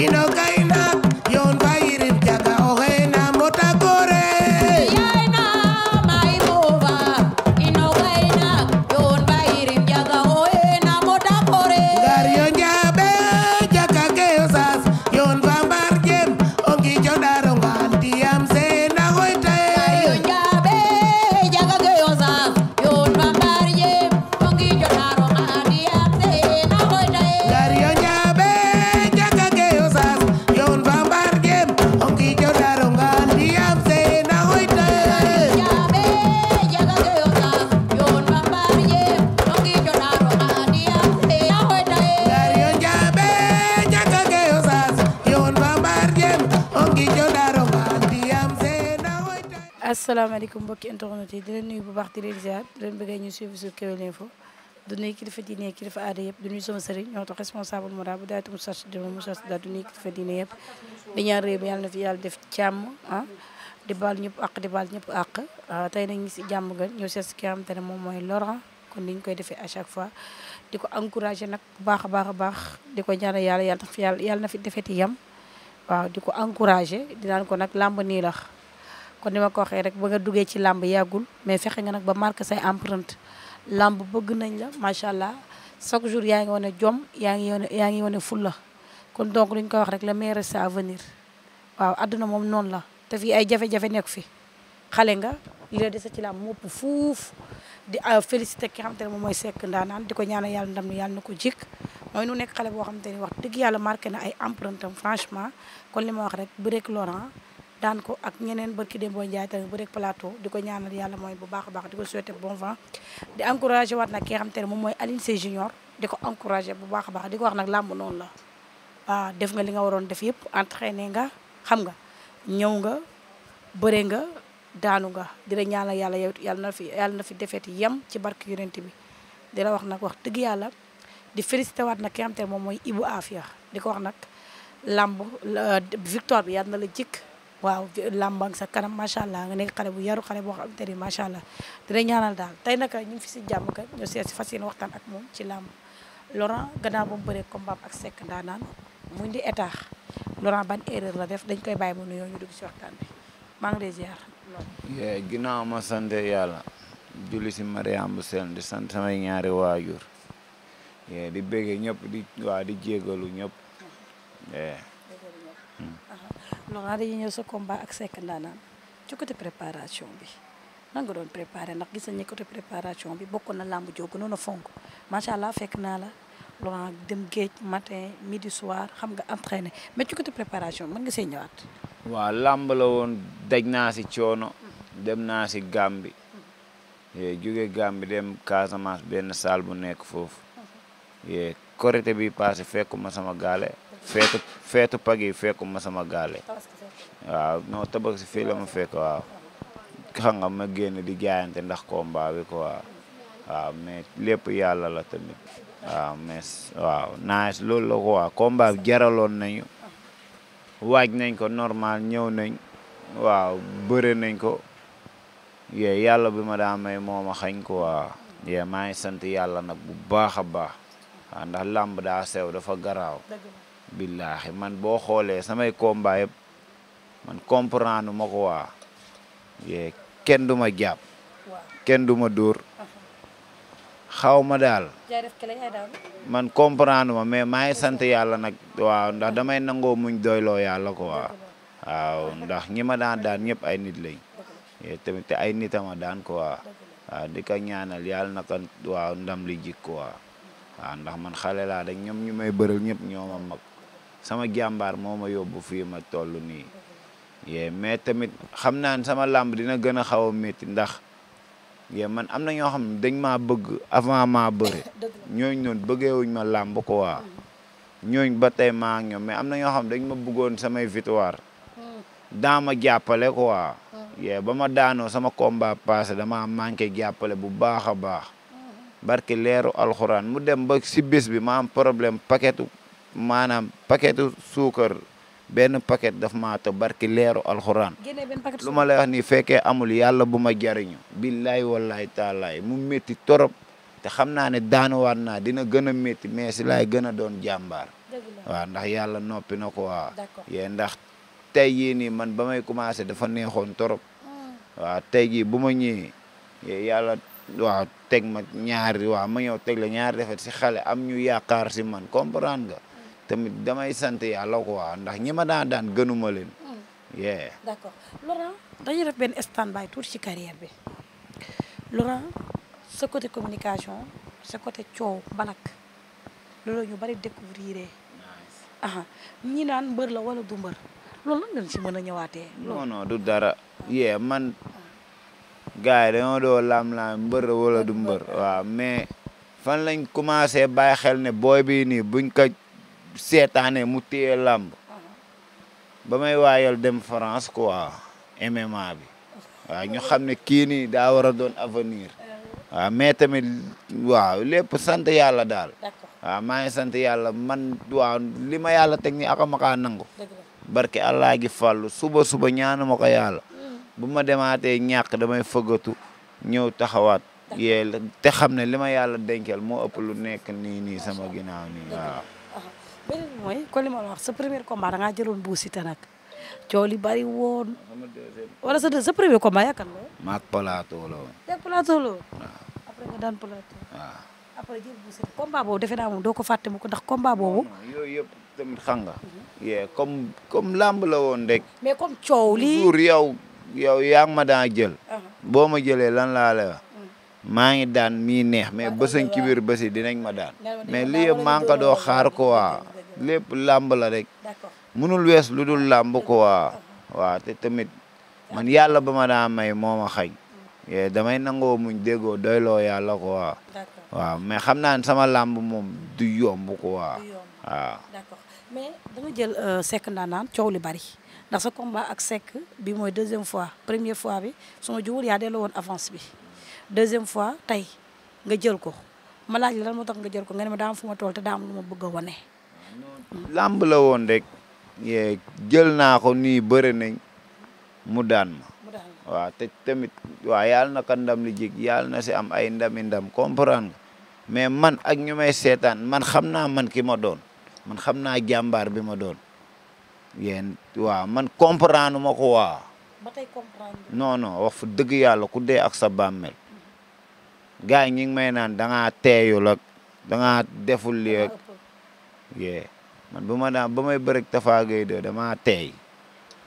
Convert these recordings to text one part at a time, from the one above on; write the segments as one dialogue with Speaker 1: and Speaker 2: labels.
Speaker 1: y no caí
Speaker 2: asalaamaaleykum mbokki internet yi di leen nuyu bu baax di leen ziar di leen bëggee ñu suivre sur Kewel Info du nuyu yi kilifa aada yëpp du nuyu sama sëriñ ñoo tax responsable moral bu daal di Moussa Diouf Moussa yàlla na yàlla def càmm ah baal ñëpp àq di baal ñëpp àq ah, tey nag ñu si jàmm gën ñëw seet si ki nga xamante ne moom mooy Laurent kon ni ñu koy defee à chaque fois di ko encouragé nag bu baax a baax a baax di ko ñaanal yàlla yàlla fi yàlla na fi defeti yam waaw di ko encouragé di naan ko nag làmb nii la kon ni ma ko waxee rek ba nga duggee ci làmb yàggul mais fexe nga nag ba marqué say empreinte làmb bëgg nañ la macha allah chaque jour yaa ngi wane jom yaa ngi wane yaa ngi wane fulla kon donc li ñu ko wax rek la meilleur reste à waaw àdduna moom noonu la te fii ay jafe-jafe nekk fi xale nga li la dese ci làmb mopp fuuf di ah, félicité ki nga xamante ne moom mooy sekk ndaanaan di ko ñaanal yàlla ndam ni yàlla na ko jik mooy nu nekk xale boo xamante ni wax dëgg yàlla marqué na ay empreinte am franchement kon li ma wax rek bu rek daan ko ak ñeneen barki dem boo njaay tamit bu plateau di ko ñaanal yàlla mooy bu baax a baax di ko souhaiter bon vent di encouragé waat nag ki nga xam te moom mooy Alioune Sèye Junior di ko encouragé bu baax a baax di wax nag làmb noonu la waaw def nga li nga waroon def yëpp entraîné nga xam nga ñëw nga bëre nga daanu nga di la yàlla yow yàlla na fi yàlla na fi defeeti yem ci barke yonent bi di la wax nag wax dëgg yàlla di félicité waat nag ki nga moom mooy Ibou Afia di ko wax nag làmb victoire bi yàlla na la jikk waaw làmbang sa kanam macha allah nga nekk xale bu yaru xale boo xam te ni macha allah dina ñaanal daal tey naka ñu ngi fi si jàmm ka ñu seet si fas yéene waxtaan ak moom ci làmb Laurent gannaaw ba mu bëree combat ak Seck ndaanaan mu di état Laurent ban erreur la def dañ koy bàyyi mu nuyoo ñu dugg si waxtaan bi maa ngi lay ziar.
Speaker 3: ginnaaw ma sant yàlla julli si Mariam samay ñaari waajur di béggee ñëpp di waa di jégalu ñëpp
Speaker 2: hmm. Laurent dañuy ñëw sa combat ak Seck Ndanane ci côté préparation bi nan nga doon préparé ndax gis nañu côté préparation bi bokkoon na làmb joogu noonu fonk macha allah fekk naa la Laurent dem géej matin midi soir xam nga entraîné mais ci côté préparation mën nga see ñëwaat.
Speaker 3: waa làmb la woon daj naa si coono. dem naa si Gàmbi. jóge Gàmbi dem Casamance benn saal bu nekk foofu. Korité eh, bi passé fekkuma sama gaale. feetu pag yi fekku ma sama gaale waaw non tabaski fii la ma fekk waaw xam nga ma génn di jaayante ndax combat bi quoi waaw mais lépp yàlla la tamit waaw mais waaw naaj loolu la quoi combat jaraloon nañu waaj nañ ko normal ñëw nañ waaw bëre nañ ko yee yàlla bi ma daa may moo ma xañ ko waaw yee maa sant yàlla nag bu baax a baax waaw ndax làmb daa sew dafa garaaw billaahi man boo xoolee samay combat yëpp man comprendre ma ko waa yee kenn du ma jàpp kenn du ma dóor xaw ma daal man comprendre ma mais maa ngi sant yàlla nag waaw ndax damay nangoo muñ doyloo yàlla ko waa waaw ndax ñi ma daan daan ñëpp ay nit lañ tamit te ay nitama daan ko waa waaw di ko ñaanal yàlla li jik ko waa waaw man xale laa dañ ñoom ñu may bëral ñëpp ñoo ma sama jàmbaar moo ma yóbbu fii ma toll nii yee mais tamit xam naa ne sama làmb dina gën a xaw a métti ndax yee man am na ñoo xam dañ ma bëgg avant maa bëre ñooñ noonu bëggeewuñ ma làmb ko waa ñooñ ba tey maa ak ñoom mais am na ñoo xam ne dañ ma bëggoon samay victoire mm. daa ma jàppale waa mm. yee ba ma daanoo sama combat passé dama manqué jàppale bu baax a baax mm-hmm. barke leeru alxuraan mu dem ba si bés bi ma am problème paquetu maanaam paquetu suukar benn paquet dafa maa te barki leeru alxuraan lu ma lay wax nii fekkee amul yàlla bu ma jariñu billaay wallaay taalaay mu metti torop te xam naa ne daanuwaat naa dina gën a métti mais si laay gën a doon jàmbaar waaw ndax yàlla noppi na ko waa yee ndax tey yii nii man ba may commencé dafa neexoon torop hmm. waaw tey jii bu ma ñëwee yàlla waaw teg ma ñaari waa ma ñëw teg la ñaari defet si xale am ñu yaakaar si man comprendre nga tamit damay sant yàlla quoi ndax ñi ma daan daan gënuma leen. Mm. yeah
Speaker 2: d'accord Laurent dañuy benn stand-by ci carrière bi Laurent sa côté communication sa côté coow balak loolu ñu bari découvrir ñi naan mbër la wala du mbër loolu lan nga ci mën a ñëwaatee. non non
Speaker 3: du dara. yeah man gars dañoo doo laam-laam mbër la wala du mbër waaw mais fan lañ commencé bàyyi xel ne booy bii nii buñ ko. seetaane mu téye làmb uh-huh. ba may waayal dem France quoi MMA bi waaw ñu xam ne kii nii daa war a doon avenir uh-huh. waaw mais tamit waaw lépp sant yàlla daal waaw maa ngi sant yàlla man waaw li ma yàlla teg ni aka ma kaa nangu barke allah gi fàllu suba suba ñaana ma ko yàlla mm. bu ma demaatee ñàkk damay fogatu ñëw taxawaat yee te xam ne li ma yàlla denkel moo ëpp lu nekk nii nii sama ginaaw nii
Speaker 2: beneen mooy ko li ma wax sa premier combat da ngaa jëloon Bou Siteu nag li bari woon. wala sa sa premier combat yaakaar naa.
Speaker 3: maag Plateau la woon.
Speaker 2: yaa Plateau la woon. waaw après nga daan Plateau. waaw après jël Bou boobu defe naa moom doo ko fàtte mu ko ndax combat boobu.
Speaker 3: yooyu yëpp tamit xam nga. yee comme comme làmb la woon rek.
Speaker 2: mais comme coow lii
Speaker 3: yow yow yaa ma daan jël. Ah. boo ma jëlee lan laa lay wax. Mm. maa ngi daan mii neex mais ah, bësañ ah, ci biir dinañ ma daan. mais lii yëpp maa ngi ko doo lépp làmb la rek. munul wees lu dul làmb ko waa waaw te tamit man yàlla ba ma daa may moo ma xañ. Mm. Eh, damay nangoo muñ déggoo doyloo yàlla ko waa waaw mais xam naa ne sama làmb moom du yomb ko waa waaw.
Speaker 2: mais da nga jël euh, coow li bari ndax sa combat ak Seck bi mooy deuxième fois première fois bi su ma juwul yaa delloo woon avance bi deuxième fois tey nga jël ko ma laaj la moo tax nga jël ko nga ne ma daa fu ma tool te daa lu ma bëgg a wane.
Speaker 3: làmb la woon rek jël naa ko nii bëri nañ mu daan ma waaw te tamit waaw yàlla na ndam li jig yàlla na si am ay ndami ndam comprendre nga mais man ak ñu may seetaan man xam naa man ki ma doon man xam naa jàmbaar bi ma doon yéen waaw man comprendre ma ko waa ba tey comprendre fu dëgg yàlla ku dee ak sa bàmmeel gars yi ñu ngi may naan dangaa teeyul ak deful li yee man bu ma daan ba may bëreeg Tafa Gueye de damaa teey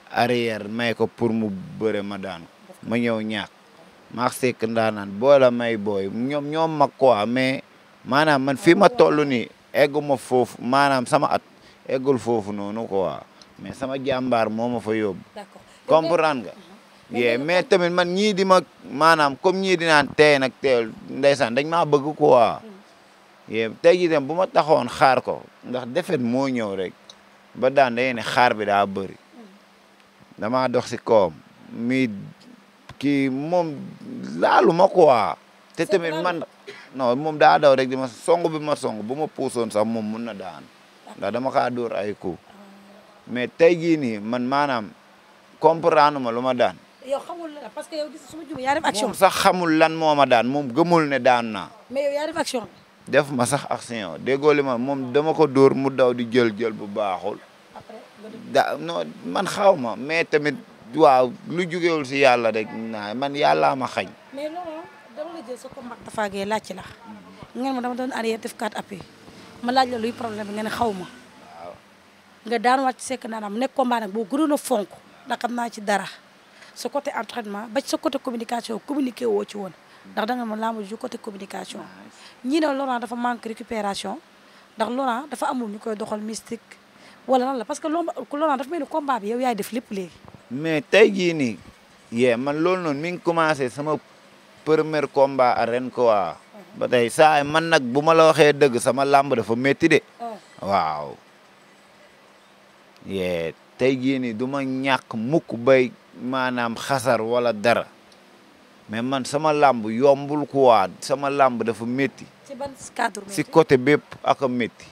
Speaker 3: arrière may ko pour mu bëre ma daan ma ñëw ñaax maa sekk ndaanaan boo may booy ñoom ñoom mag quoi mais maanaam man fi ma toll nii egu ma foofu maanaam sama at egul foofu noonu quoi mais sama jàmbaar moo ma fa yóbbu. d'accord comprendre nga. Uh-huh. yee mais tamit man ñii di ma maanaam comme ñii di naan tey nag teel ndeysaan dañ maa bëgg quoi. Mm-hmm. yé tey jii dem bu ma taxoon xaar ko ndax defet moo ñëw rek ba daan dañuy ne xaar bi daa bëri damaa dox si koom mi kii moom lu ma quoi te tamit man non moom daa daw rek di ma song bi ma song bu ma puusoon sax moom mun na daan ndax dama kaa dóor ay coup mais tey jii nii man maanaam comprendre ma lu ma daan.
Speaker 2: yow xamul la sax
Speaker 3: xamul lan moo ma daan moom gëmul ne daan naa. def ma sax action déggoo li ma moom dama ko dóor mu daw di jël jël bu baaxul. da non man xaw ma mais tamit waaw lu jugee wul si yàlla rek naa man yàllaa ma xañ.
Speaker 2: mais loolu dama la jël sa combat Tapha Gueye laaj ci la ngeen ma dama doon arrière def quatre appui ma laaj la luy problème bi ngeen xaw ma. nga daan wàcc sekk naanaam nekk combat nag boo gënoon na fonk ndax naa ci dara sa côté entraînement ba ci sa côté communication communiqué woo ci woon ndax da nga ma làmb ju côté communication ñii ne Laurent dafa manque récupération ndax Laurent dafa amul ñu koy doxal mystique wala lan la parce que loo Laurent dafa mel ni combat bi yow yaay def lépp léegi
Speaker 3: mais tey jii nii yee man loolu noonu mi ngi commencé sama premier combat à ren ko quoi oh. ba tey saa man nag bu ma la waxee dëgg sama làmb dafa métti de oh. waaw yee tey jii nii du ma ñàkk mukk bay maanaam xasar wala dara mais man sama làmb yombul quoi sama làmb dafa métti.
Speaker 2: ci
Speaker 3: si côté bépp ak a métti.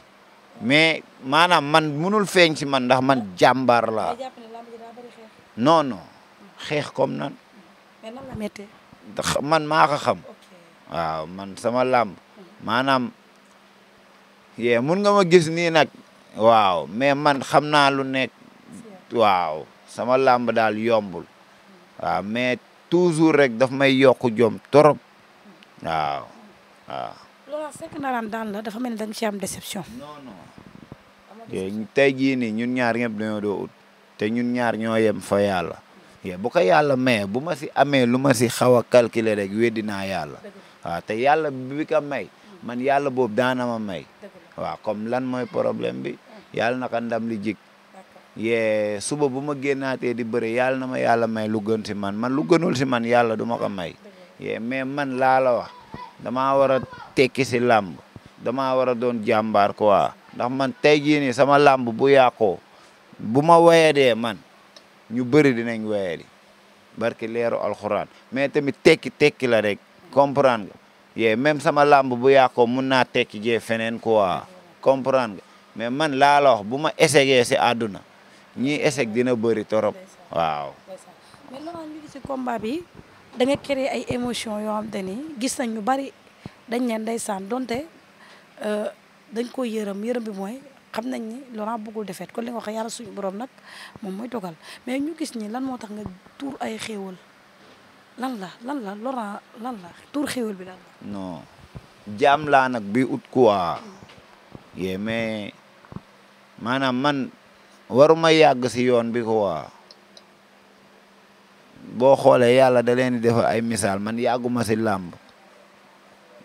Speaker 3: mais maanaam man munul feeñ si man ndax man jàmbaar laa. non non xeex kom nan.
Speaker 2: mais nan
Speaker 3: man maa ko xam. waaw man sama làmb. maanaam yee mun nga ma gis nii nag. waaw mais man xam naa lu nekk. waaw sama làmb daal yombul. waaw mais. toujours rek dafa may yokk jom torop waaw waaw.
Speaker 2: Laurent Seck dafa mel ni ci am déception. non
Speaker 3: non tey ñun ñaar ñëpp doo ut te ñun ñaar ñoo yem fa yàlla. bu ko yàlla maye bu ma si amee lu ma si xaw a calculer rek weddi naa yàlla. waaw te yàlla bi ko may. man yàlla boobu daana ma may. waaw comme lan mooy problème bi mm. yàlla naka ndam li jik yee suba bu ma génnaatee di bëri yàlla na ma yàlla may lu gën si man man lu gënul si man yàlla du ma ko may yee mais man laa la wax damaa war a tekki si làmb dama war a doon jàmbaar quoi ndax man tey jii sama làmb bu yàqoo bu ma wayadee man ñu bëri dinañ wayadi barki leeru alxuraan mais tamit tekki tekki la rek comprendre nga yee même sama làmb bu yàqoo mun naa tekki jee feneen quoi comprendre nga mais man laa la bu ma essayé si àdduna ñii échec dina bëri torop waaw.
Speaker 2: mais Laurent ñu gis ci combat bi da nga ay émotion yoo xam te ni gis nañ ñu bari dañ leen ndeysaan donte euh, dañ ko yërëm yërëm bi mooy xam nañ ni Laurent buggul defet ko li wax yàlla suñu borom nag moom mooy dogal mais ñu gis ñi lan moo tax nga tuur ay xéewal lan la lan la Laurent lan la tuur xéewal bi lan la.
Speaker 3: non jaam laa nag bi ut mm. yee mais maanaam man. waruma yàgg si yoon biko ko waa boo xoolee yàlla da leen di ay misaal man yàgguma si làmb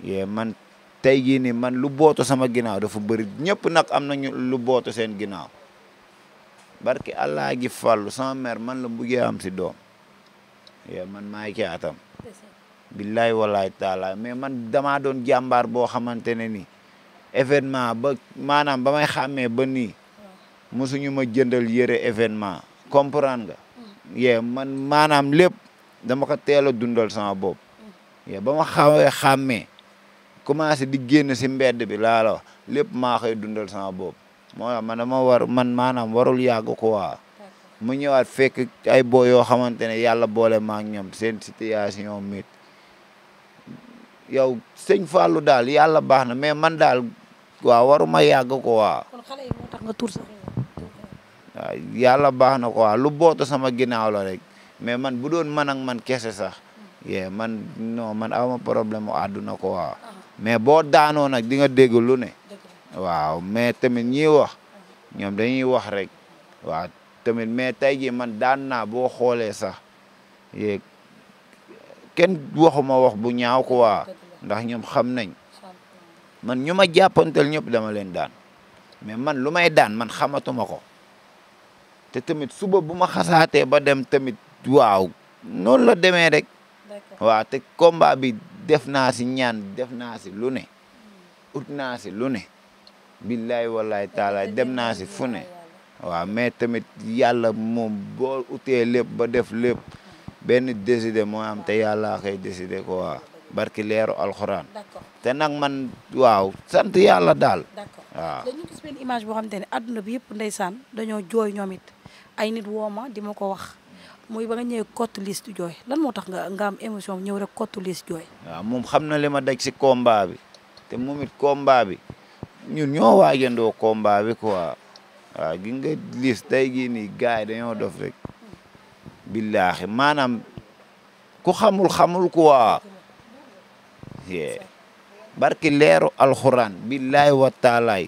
Speaker 3: yee man tey jii ni man lu bootu sama ginnaaw dafa bëri ñëpp nag am nañu lu bootu seen ginnaaw barki allah gi fàllu sama mère man la mbuggee am si doom yee man maay caatam billaay walaay taala mais man damaa doon jàmbaar boo xamante ne ni événement ba maanaam ba may xàmmee ba nii mosuñu ma jëndal yëre événement comprend nga. yee man maanaam lépp dama ko teel a dundal sama bopp. yee ba ma xawee xàmmee commencé di génn si mbedd bi laa la wax lépp maa koy dundal sama bopp mo tax man dama war man maanaam warul yàgg quoi. mu ñëwaat fekk ay boo yoo xamante ne yàlla boole ma ak ñoom seen situation mit yow sëñ Fallou daal yàlla baax na mais man daal waaw waruma yàgg ko waaw. waaw yàlla baax na ko waaw lu bootu sama ginnaaw la rek mais man bu doon man ak man kese sax yee man non man awma problème mu àdduna ko waa uh-huh. mais boo daanoo nag di nga dégg lu ne waaw mais tamit ñiy wax ñoom dañuy wax rek waaw tamit mais tey ji man daan naa boo xoolee sax yee kenn waxuma wax bu ñaaw ko waa ndax ñoom xam nañ man ñu ma jàppantal ñëpp dama leen daan mais man lu daan man xamatuma ko te tamit suba bu ma xasaatee ba dem tamit waaw noonu la demee rek. waaw te komba bi def naa si ñaan def naa si lu ne. Hmm. ut naa si lu ne. billaay wallaay taalaay dem naa si fu ne. waaw mais tamit yàlla moom boo utee lépp ba def lépp hmm. benn décidé moo te yàlla xëy décidé ko waaw barki leeru alxuraan. te nag man waaw sant yàlla daal. waaw
Speaker 2: ay nit woo ma di ma ko wax muy ba nga ñëwee kottu liis jooy lan moo tax nga nga am ñëw rek kottu liis jooy.
Speaker 3: waaw moom xam na li ma daj si combat bi te moom it combat bi ñun ñoo waajandoo combat bi quoi waaw gi nga liis tey gii nii gars yi dañoo dof rek. billaahi maanaam ku xamul xamul quoi. barki leeru alxuraan billaay wa taalaay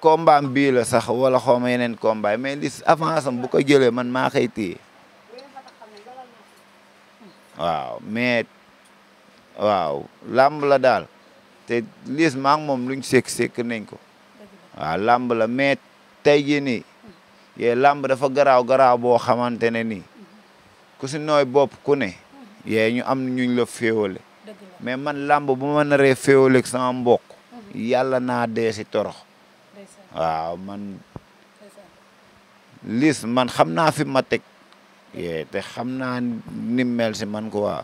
Speaker 3: combat bii la sax wala xawma yeneen combat mais li avance am bu ko jëlee man maa koy téye waaw mais waaw làmb la daal te liis maa ngi moom luñ sekk sekk nañ ko waaw làmb la mais tey jii yee làmb dafa garaaw garaaw boo xamante ne nii ku si nooy bopp ku ne yee ñu am ñuñ la féewale mais man làmb bu ma naree féewaleeg sama mbokk yàlla naa dee si torox waaw man liis man xam naa fi ma teg yee te xam naa ni mel si man quoi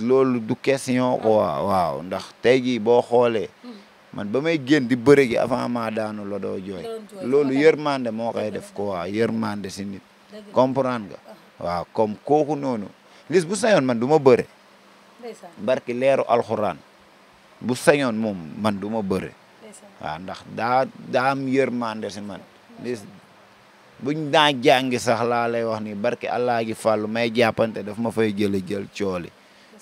Speaker 3: loolu du question ah. quoi waaw ndax tey jii boo xoolee hmm. man ba may génn di bëre gi avant ma daanu la doo jooy loolu yërmande moo koy def quoi yërmande si nit comprendre nga ah. waaw comme kooku noonu lis bu sañoon man du ma bëre barki leeru alxuraan bu sañoon moom man du ma waaw ndax daa daa am yërmande si man sax laa lay wax ni barke allah gi fàllu may jàppante daf ma fay jële jël cooli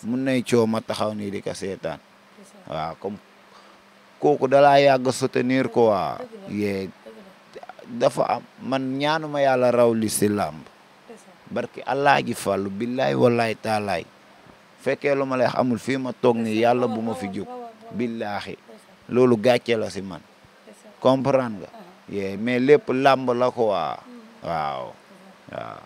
Speaker 3: mun nay coow ma taxaw nii di ko seetaan waaw comme kooku dalaa yàgg soutenir quoi yee dafa am man ñaanuma yàlla raw li si làmb barke allah gi fàllu billaay wallaay taalaay fekkee lu ma lay amul fii ma toog nii yàlla bu ma fi jóg billaahi loolu gàcce la si man. comprendre nga. Uh-huh. mais lépp làmb la ko waa mm-hmm. waaw uh-huh. waaw.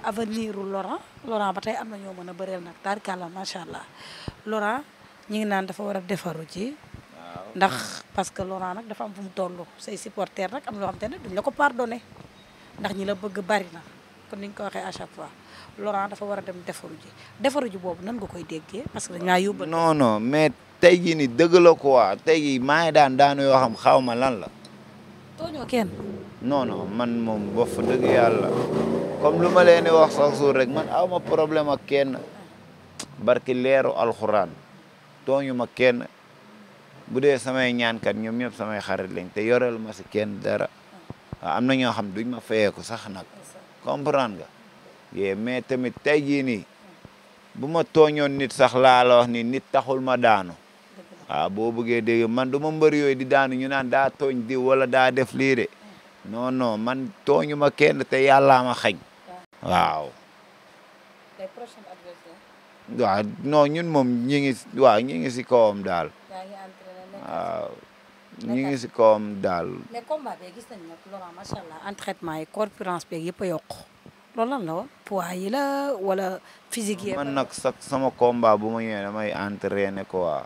Speaker 2: Uh-huh. Uh, bu Laurent Laurent ba tey am na ñoo mën a bëreel nag daal kàlla macha allah Laurent ñu ngi naan dafa war a defaru ci. ndax parce que Laurent nag dafa am fu mu toll say supporters nag am loo xam te ne duñ la ko pardonné ndax ñi la bëgg bari na kon ni ñu ko waxee à chaque fois Laurent dafa war a dem defaru ji defaru ji boobu nan nga koy déggee
Speaker 3: parce que dañ laa yóbbu. non tey jii ni dëgg la quoi tey jii maa ngi daan daanu yoo xam xaw ma lan la. tooñoo kenn. non non man moom ba fa dëgg yàlla lu ma wax sax suur rek man aw ma problème ak kenn barki leeru alxuraan tooñu ma kenn bu dee samay ñaankat ñoom ñëpp samay xarit lañ te yoreel ma si kenn dara waaw am na ñoo xam duñ ma fayeeku sax nag comprendre nga yee mais tamit tey jii nii bu ma tooñoon nit sax laa la wax ni nit taxul ma daanu waaw ah, boo bëggee dégg man du ma mbër yooyu di daanu ñu naan daa tooñ di wala daa def lii de non non man tooñu ma kenn te yàllaa ma xañ waaw waaw ñun moom ñi ngi si kawam daal waaw ngi si kawam daal
Speaker 2: mais combat bi gis nañ nag Laurent
Speaker 3: wala physique yi man nag sama combat bu ma ñëwee damay entraîner quoi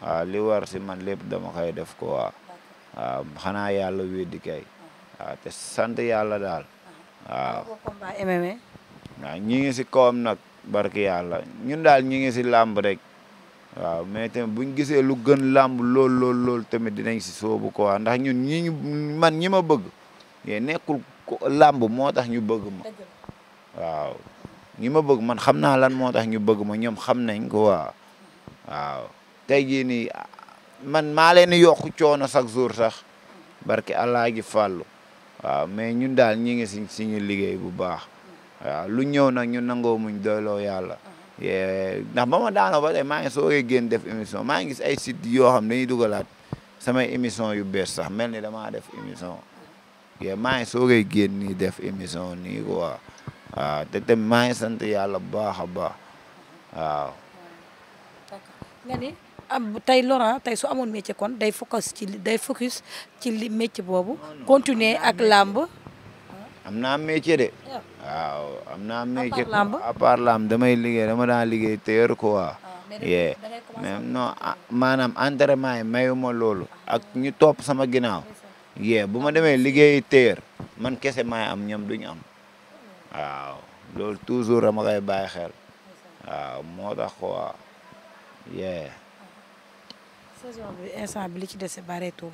Speaker 3: waaw ah, li war si man lépp dama koy def ko waaw waaw xanaa yàlla weddi kay ah. Ah, te sant yàlla daal waaw waaw ñi ngi si kawam nag barki yàlla ñun daal ñi ngi si làmb rek waaw mais tamit buñ gisee lu gën làmb lool lool lool tamit dinañ si soobu ko ndax ñun ñi man ñi ma bëgg yee nekkul làmb moo tax ñu bëgg ma waaw ma bëgg man xam naa lan moo tax ñu bëgg ma ñoom xam nañ ko mm-hmm. waaw waaw tey jii ni man maa leen yokk coono chaque jour sax barke allah gi fàllu waaw mais ñun daal ñi ngi si suñu liggéey bu baax waaw lu ñëw nag ñu nangoo muñ doyloo yàlla ndax ba ma daanoo ba tey maa soogee génn def émission maa ngi gis ay site yoo xam dañuy dugalaat samay émission yu bees sax mel ni damaa def émission ye maa ngi soogee génn nii def émission nii quoi waaw te tamit maa ngi sant yàlla bu baax a baax
Speaker 2: am tey Laurent tey su amoon métier kon day focus ci day focus ci li métier boobu continuer ak làmb
Speaker 3: am na métier de ah. waaw am na métier à part làmb damay liggéey dama daan liggéey téer quoi ah, yee ah, maanaam entraînement yi mayu ma loolu ak ñu topp sama ginnaaw yee bu ma demee liggéey téer man kese maay am ñoom duñu am waaw loolu toujours dama koy bàyyi xel waaw moo tax quoi
Speaker 2: saison bi instant bi li ci dese bareetu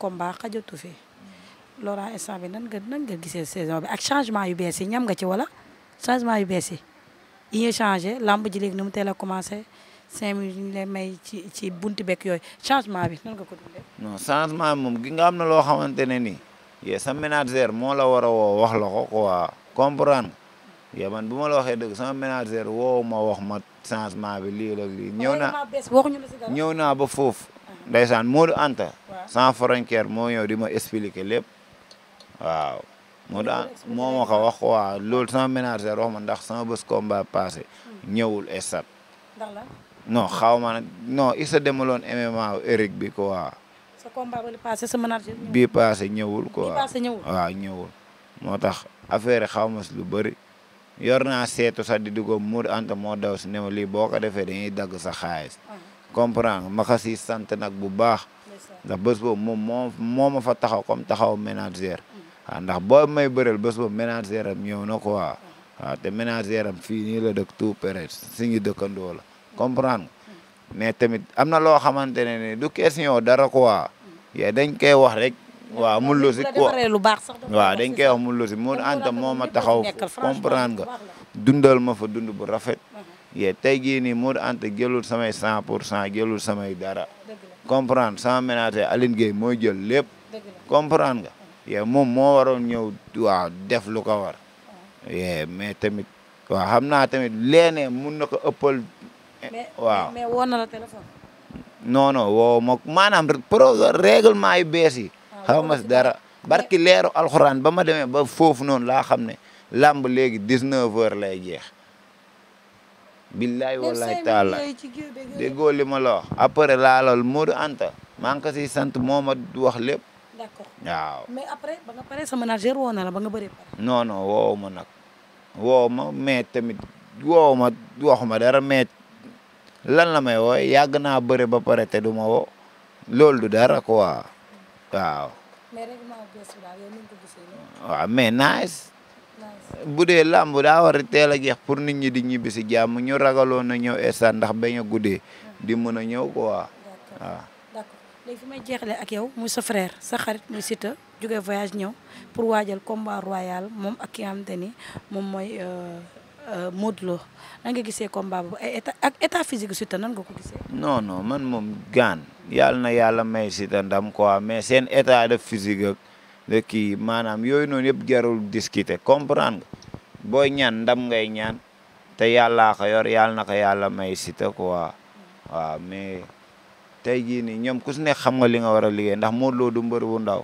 Speaker 2: combat xajatu fi Laurent instant bi nan ga nan nga gisee saison bi ak changement yu bees yi ñam nga ci wala changement yu bees yi yi nga changé lamb ji léegi nu mu a commencé cinq minutes ñu lay may ci ci bunti bekk yooy changement bi nan
Speaker 3: non changement bi moom gi nga am na loo xamante ne ni yee sa manager moo la war a woo wax la ko quoi comprendre nga man bu ma la waxee dëgg sama manager woo ma wax ma. changement bi lii la lii ñëw na ñëw naa ba foofu ndeysaan Modou Anta sans frontière moo ñëw di ma expliquer lépp waaw moo daan moo ma ko wax waaw loolu sama ménagère wax ma ndax sama bés combat passé ñëwul estat non xaw ma non il sa demaloon Eric bi quoi
Speaker 2: sa combat ba li passé sa ménagère
Speaker 3: ñëwul quoi moo tax affaire xaw ma si lu bëri yor naa seetu sa di dugg Mour Anta moo daw si ne lii boo ko defee dañuy dagg sa xaalis. Ah. comprendre ma ko sant nag bu baax. ndax bés boobu moom moo ma fa taxaw kom taxaw ménagère. waaw mm. ah, ndax boo may bëreel bés boobu ménagère am ñëw na quoi. waaw ah. te ménagère am fii nii la dëkk tout près suñu dëkkandoo la comprendre mm. mais tamit am na loo xamante ne ni du question dara quoi. Mm. yaa dañ koy wax rek. waaw mun loo si ko
Speaker 2: waaw
Speaker 3: dañ koy wax mun loo si mun anta moo ma taxaw comprendre nga dundal ma fa dund bu rafet mm-hmm. yee tey jii nii Modou Anta jëlul samay cent pour cent jëlul samay dara comprendre sans ménager Aline Gueye mooy jël lépp comprendre nga yee moom moo waroon ñëw waaw def lu ko war yee mais tamit waaw xam naa tamit leenee mun na ko ëppal eh, waaw mais woo woo ma maanaam pro règlement yu bees yi xaw ma si dara barki leeru alxuraan ba ma demee ba foofu noonu laa xam ne làmb léegi 19 heures lay jeex. billaay wallaay taala déggoo li ma la wax après laalool Modou Anta maa ngi ko siy sant moo ma wax lépp. d'accord waaw
Speaker 2: mais après ba na la ba nga
Speaker 3: ma nag woowu ma mais tamit woowu ma waxu ma dara meet lan la may woo yàgg naa bëre ba pare te du ma woo loolu du dara quoi. waaw. mais règlement bees bi
Speaker 1: daal
Speaker 3: nice. bu dee làmb daa war a teel a jeex pour nit ñi di ñibbi si jàmm ñu ragaloon na ñëw instant ndax bañ a guddee. di mën a ñëw quoi. waaw
Speaker 2: d'accord léegi ak yow muy sa frère sa xarit muy Siteu jóge voyage ñëw pour waajal combat royal moom ak ki nga xamante ni moom mooy euh, euh, Modou Lo nan nga gisee combat boobu ay état ak état physique Siteu nan nga ko gisee.
Speaker 3: non non man moom gaan. yàlla na yàlla may ndam quoi mais seen état de physique ak de kii maanaam yooyu noonu yëpp jarul discuter comprendre nga booy ñaan ndam ngay ñaan te yàllaa ko yor yàlla na ko yàlla may Siteu quoi waaw mais tey jii nii ñoom ku si nekk xam nga li nga war a liggéey ndax Modou Lo mbër bu ndaw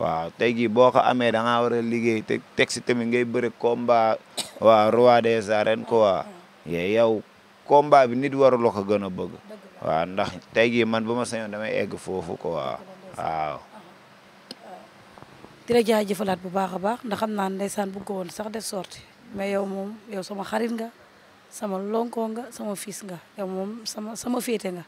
Speaker 3: waaw tey jii boo ko amee danga ngaa war a liggéey te teg si tamit ngay bëri combat waaw roi des arènes quoi mm-hmm. yee bi nit warul la ko gën a bëgg waaw ndax te jii man bu ma sañoon damay egg foofu ko waaw.
Speaker 2: di la jaajëfalaat bu baax a baax ndax xam naa ndeysaan bëgg ko woon sax def sorti mais yow moom yow sama xarit nga sama lonkoo nga sama fiis nga yow moom sama sama féete nga.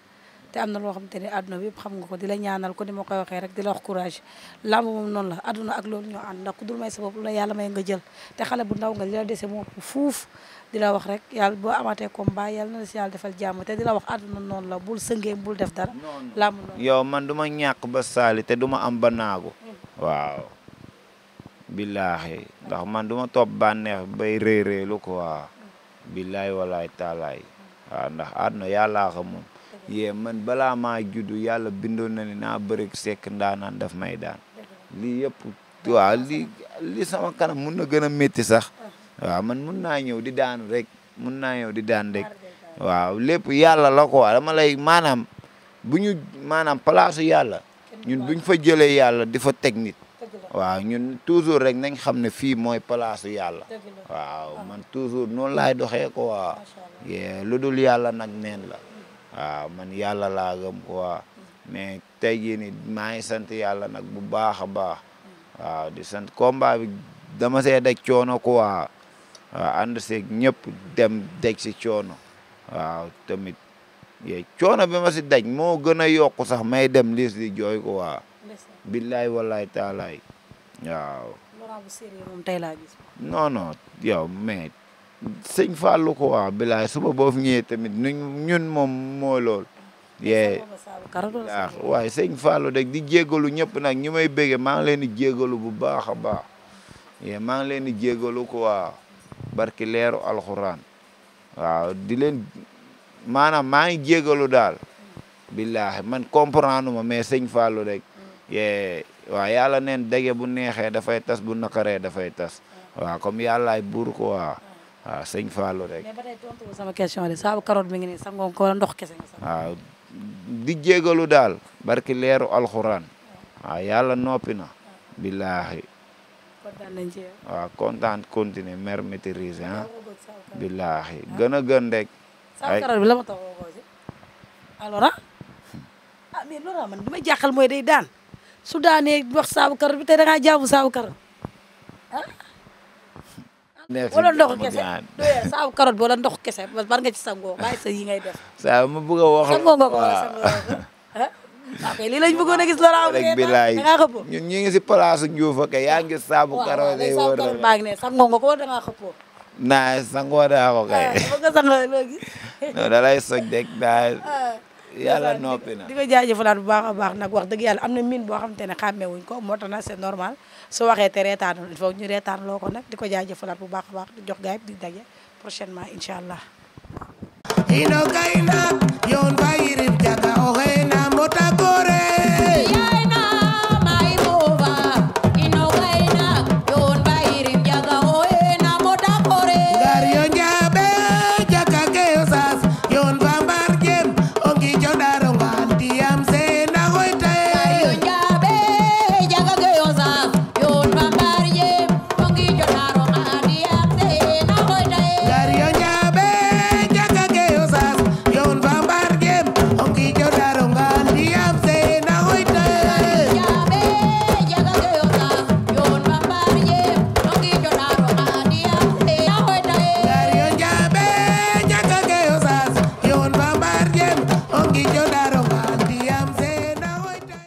Speaker 2: te am na loo xamante ne àdduna bi yëpp xam nga ko di la ñaanal ko ni ma koy waxee rek di la wax courage làmb moom noonu la àdduna ak loolu ñoo ànd ndax ku may sa bopp lu yàlla may nga jël te xale bu ndaw nga li la dese moo fuuf di la wax rek yàlla boo amatee combat yàlla na la si yàlla defal jàmm te di la wax àdduna noonu la bul sëngee bul def dara. la noonu
Speaker 3: yow man du ma ñàkk ba saali te du ma am ba naagu. waaw. billaahi ndax man du ma topp bànneex bay réeréelu quoi. billaay ndax àdduna yàllaa xam moom. yee man balaa ma juddu yàlla bindoon na ne naa bërik sekk ndaanaan daf may daan. lii yëpp waaw lii lii sama kanam mun na gën a métti sax. waaw man mun naa ñëw di daanu rek mun naa ñëw di daan rek waaw lépp yàlla la ko waa dama lay maanaam bu ñu maanaam place yàlla ñun buñ fa jëlee yàlla di fa teg waaw ñun toujours rek nañ xam ne fii mooy place yàlla waaw ah. man toujours noonu laay doxee quoi lu dul yàlla nag neen la waaw man yàlla laa gëm quoi mais tey jii ni maa ngi sant yàlla nag bu baax a baax mm. waaw di sant combat bi dama see daj coono quoi waaw ànd seeg dem daj si coono waaw tamit yooyu coono bi ma si daj moo gën a yokk sax may dem liis di jooy ko waa billaay wallaay taalaay waaw non non yow mais sëñ Fallou ko waa billaay suba boo fi ñëwee tamit nuñ ñun moom moo lool yee
Speaker 2: waaw
Speaker 3: waaye sëñ Fallou rek di jégalu ñëpp nag ñu may bége maa ngi leen di jégalu bu baax a baax yee maa ngi leen di jégalu ko waa barki leeru alxuraan waaw di leen maanaam maa ngi daal billaahi man comprendre ma mais sëñ Fallou rek yee waaw yàlla neen dege bu neexee dafay tas bu nakaree dafay tas waaw comme yàllaay buur ko waaw waaw sëñ Fallou rek.
Speaker 2: mais question de saabu carotte ndox kese
Speaker 3: di jégalu daal barki leeru alxuraan waaw yàlla noppi na
Speaker 2: waaw
Speaker 3: kontaan continuer mer maîtriser ah. billaahi gën a gën rek. ay
Speaker 2: alors hmm. ah mais loolu man li ma jaaxal mooy day daan su daanee wax saabu karoot bi te da ngaa jaamu saabu karoot ah. wala ndox bi wala ndox kese war nga ci sangoo bàyyi sa yi ngay def.
Speaker 3: saa ma bëgg a wax. sangoo
Speaker 2: waaw kay lii lañ bëggoon a gis Laurent rek bilaay
Speaker 3: ñun ñu ngi si place Ndiouf ak yaa ngi saabu karo day wóor la maa
Speaker 2: ngi ne sangoo nga ko da ngaa xëppoo
Speaker 3: naa sangoo daa ko kay ah,
Speaker 2: nga sangoo léegi non
Speaker 3: da lay soj rek daal ah, yàlla noppi na di ko
Speaker 2: jaajëfalaat bu baax a baax nag wax dëgg yàlla am na min boo xam te ne xàmmee wuñ ko moo tax nag c'est normal su waxee te reetaanul il faut ñu reetaan loo ko nag di ko jaajëfalaat bu baax a baax di jox gaay di daje prochainement incha allah